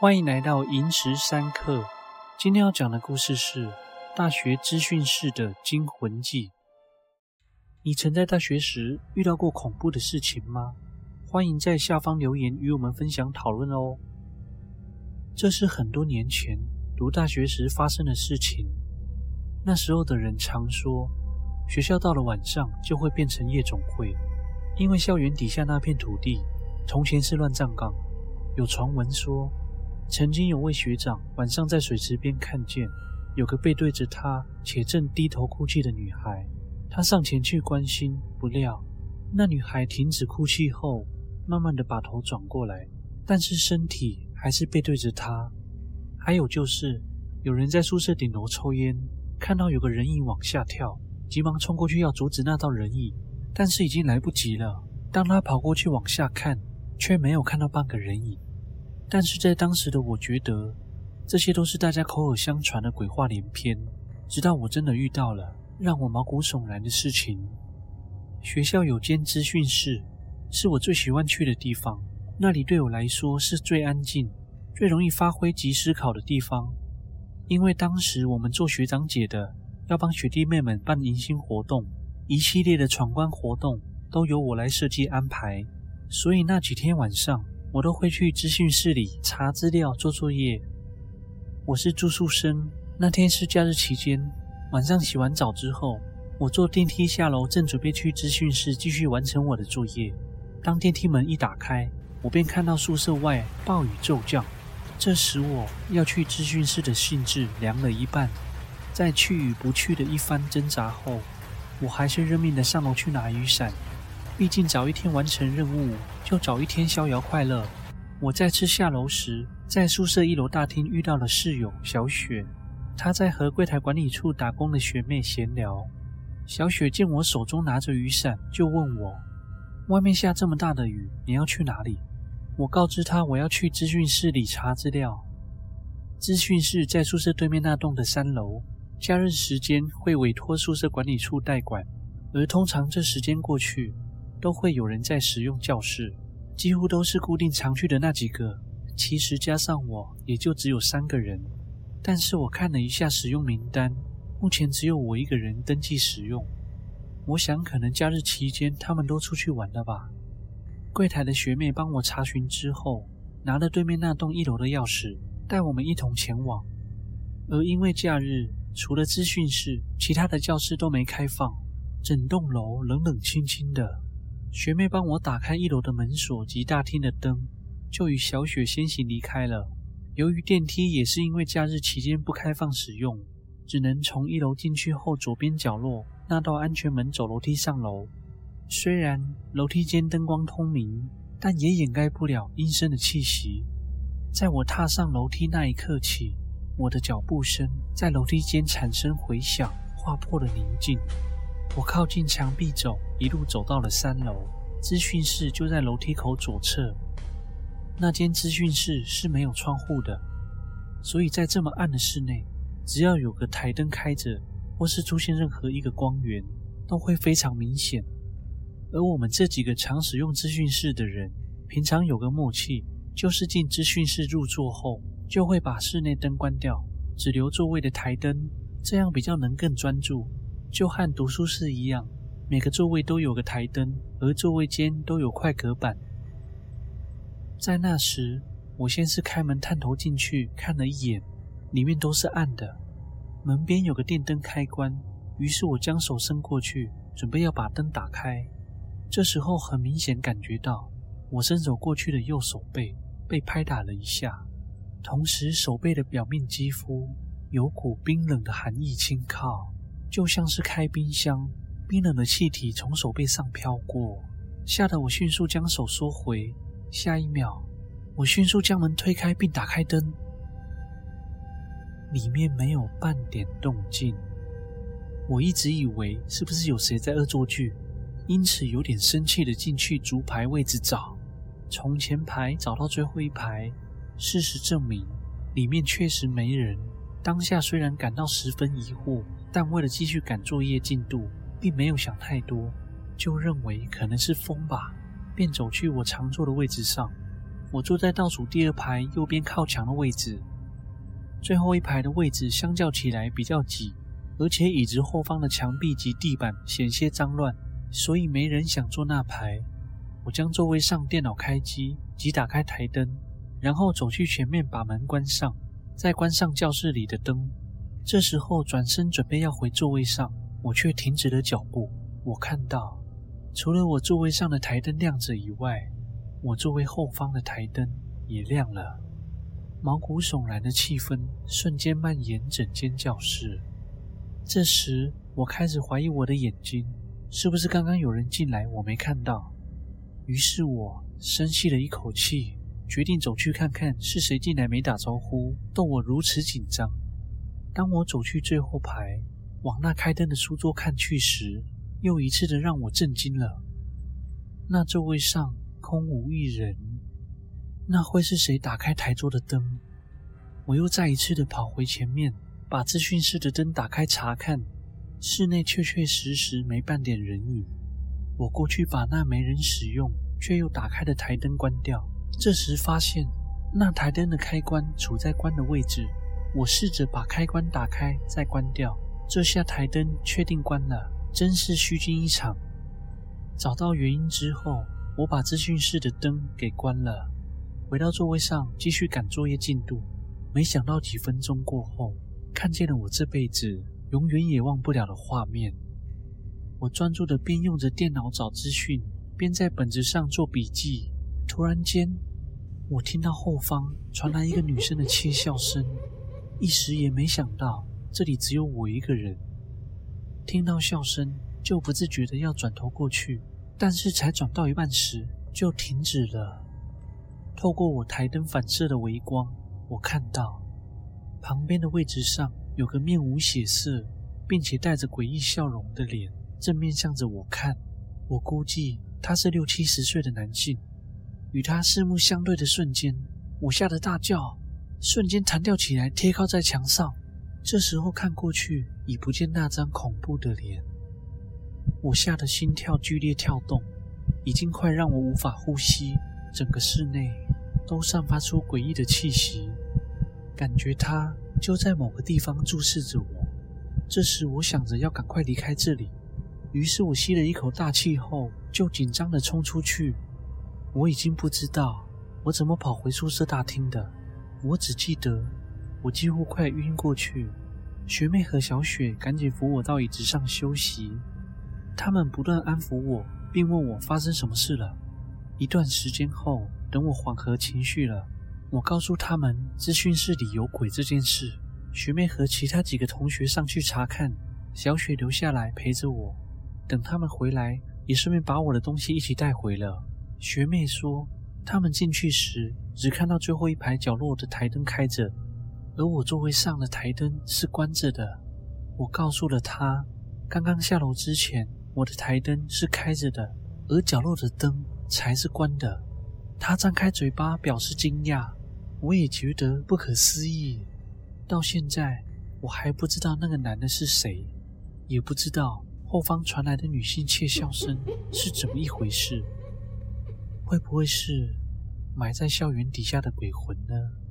歡迎來到銀石三刻。今天要講的故事是大學資訊室的驚魂記。你曾在大學時遇到過恐怖的事情嗎？歡迎在下方留言與我們分享討論哦。這是很多年前讀大學時發生的事情。那時候的人常說，學校到了晚上就會變成夜總會，因為校園底下那片土地從前是亂葬崗，有傳聞說，曾經有位學長晚上在水池邊看見有個背對着他且正低頭哭泣的女孩，他上前去關心，不料那女孩停止哭泣後，慢慢的把頭轉過來，但是身體還是背對着他。還有就是有人在宿舍頂樓抽煙，看到有個人影往下跳，急忙衝過去要阻止那道人影，但是已經來不及了。當他跑過去往下看，卻沒有看到半個人影。但是在當時的我覺得，這些都是大家口耳相傳的鬼話連篇。直到我真的遇到了讓我毛骨悚然的事情。學校有間資訊室，是我最喜歡去的地方。那裡對我來說是最安靜、最容易發揮及思考的地方。因為當時我們做學長姐的，要幫學弟妹們辦迎新活動，一系列的闖關活動都由我來設計安排。所以那幾天晚上，我都會去資訊室裡查資料做作業。我是住宿生，那天是假日期間，晚上洗完澡之後，我坐電梯下樓，正準備去資訊室繼續完成我的作業。當電梯門一打開，我便看到宿舍外暴雨驟降，這使我要去資訊室的興致涼了一半。在去與不去的一番掙扎後，我還是認命的上樓去拿雨傘。畢竟早一天完成任務，就早一天逍遙快樂。我再次下樓時，在宿舍一樓大廳遇到了室友小雪，她在和櫃台管理處打工的學妹閒聊。小雪見我手中拿着雨傘，就問我：“外面下這麼大的雨，你要去哪裡？”我告知她我要去資訊室裡查資料。資訊室在宿舍對面那棟的三樓，假日時間會委托宿舍管理處代管，而通常這時間過去，都會有人在使用教室，幾乎都是固定常去的那幾個。其實加上我，也就只有三個人。但是我看了一下使用名單，目前只有我一個人登記使用。我想，可能假日期間他們都出去玩了吧。櫃台的學妹幫我查詢之後，拿了對面那棟一樓的鑰匙，帶我們一同前往。而因為假日，除了資訊室，其他的教室都沒開放，整棟樓冷冷清清的。學妹幫我打開一樓的門鎖及大廳的燈，就與小雪先行離開了。由於電梯也是因為假日期間不開放使用，只能從一樓進去後左邊角落那道安全門走樓梯上樓。雖然樓梯間燈光通明，但也掩蓋不了陰森的氣息。在我踏上樓梯那一刻起，我的腳步聲在樓梯間產生回響，劃破了寧靜。我靠近牆壁走，一路走到了三樓。資訊室就在樓梯口左側。那間資訊室是沒有窗戶的，所以在這麼暗的室內，只要有個台燈開着，或是出現任何一個光源，都會非常明顯。而我們這幾個常使用資訊室的人，平常有個默契，就是進資訊室入座後，就會把室內燈關掉，只留座位的台燈，這樣比較能更專注。就和讀書室一樣，每個座位都有個台燈，而座位間都有塊隔板。在那時，我先是開門探頭進去看了一眼，裡面都是暗的。門邊有個電燈開關，於是我將手伸過去，準備要把燈打開。這時候，很明顯感覺到我伸手過去的右手背被拍打了一下，同時手背的表面肌膚有股冰冷的寒意侵靠。就像是開冰箱，冰冷的氣體從手背上飄過，嚇得我迅速將手縮回。下一秒，我迅速將門推開並打開燈，裡面沒有半點動靜。我一直以為是不是有誰在惡作劇，因此有點生氣的進去逐排位置找，從前排找到最後一排。事實證明，裡面確實沒人。當下雖然感到十分疑惑，但為了繼續趕作業進度，並沒有想太多，就認為可能是風吧，便走去我常坐的位置上。我坐在倒數第二排右邊靠牆的位置，最後一排的位置相較起來比較擠，而且椅子後方的牆壁及地板顯些髒亂，所以沒人想坐那排。我將座位上電腦開機及打開台燈，然後走去前面把門關上。再關上教室裡的燈，這時候轉身準備要回座位上，我卻停止了腳步。我看到，除了我座位上的台燈亮着以外，我座位後方的台燈也亮了。毛骨悚然的氣氛瞬間蔓延整間教室。這時，我開始懷疑我的眼睛，是不是剛剛有人進來我沒看到？於是我深吸了一口氣。決定走去看看是誰進來沒打招呼，逗我如此緊張。當我走去最後排，往那開燈的書桌看去時，又一次的讓我震驚了。那座位上空無一人，那會是誰打開台桌的燈？我又再一次的跑回前面，把資訊室的燈打開查看，室內確確實實沒半點人影。我過去把那沒人使用卻又打開的台燈關掉。這時發現那台燈的開關處在關的位置，我試着把開關打開再關掉，這下台燈確定關了，真是虛驚一場。找到原因之後，我把資訊室的燈給關了，回到座位上繼續趕作業進度。沒想到幾分鐘過後，看見了我這輩子永遠也忘不了的畫面。我專注地邊用着電腦找資訊，邊在本子上做筆記。突然間，我聽到後方傳來一個女生的竊笑聲，一時也沒想到這裡只有我一個人。聽到笑聲，就不自覺地要轉頭過去，但是才轉到一半時就停止了。透過我台燈反射的微光，我看到旁邊的位置上有個面無血色，並且帶着詭異笑容的臉，正面向着我看。我估計他是六七十歲的男性。與他四目相對的瞬間，我嚇得大叫，瞬間彈跳起來，貼靠在牆上。這時候看過去，已不見那張恐怖的臉。我嚇得心跳劇烈跳動，已經快讓我無法呼吸。整個室內都散發出詭異的氣息，感覺他就在某個地方注視着我。這時我想着要趕快離開這裡，於是我吸了一口大氣後，就緊張的衝出去。我已經不知道我怎麼跑回宿舍大廳的，我只記得我幾乎快暈過去。學妹和小雪趕緊扶我到椅子上休息，他們不斷安撫我，並問我發生什麼事了。一段時間後，等我緩和情緒了，我告訴他們資訊室裡有鬼這件事。學妹和其他幾個同學上去查看，小雪留下來陪着我。等他們回來，也順便把我的東西一起帶回了。學妹說，他們進去時只看到最後一排角落的檯燈開着，而我座位上的檯燈是關着的。我告訴了她，剛剛下樓之前，我的檯燈是開着的，而角落的燈才是關的。她張開嘴巴表示驚訝，我也覺得不可思議。到現在，我還不知道那個男的是誰，也不知道後方傳來的女性竊笑聲是怎麼一回事。會不會是埋在校園底下的鬼魂呢？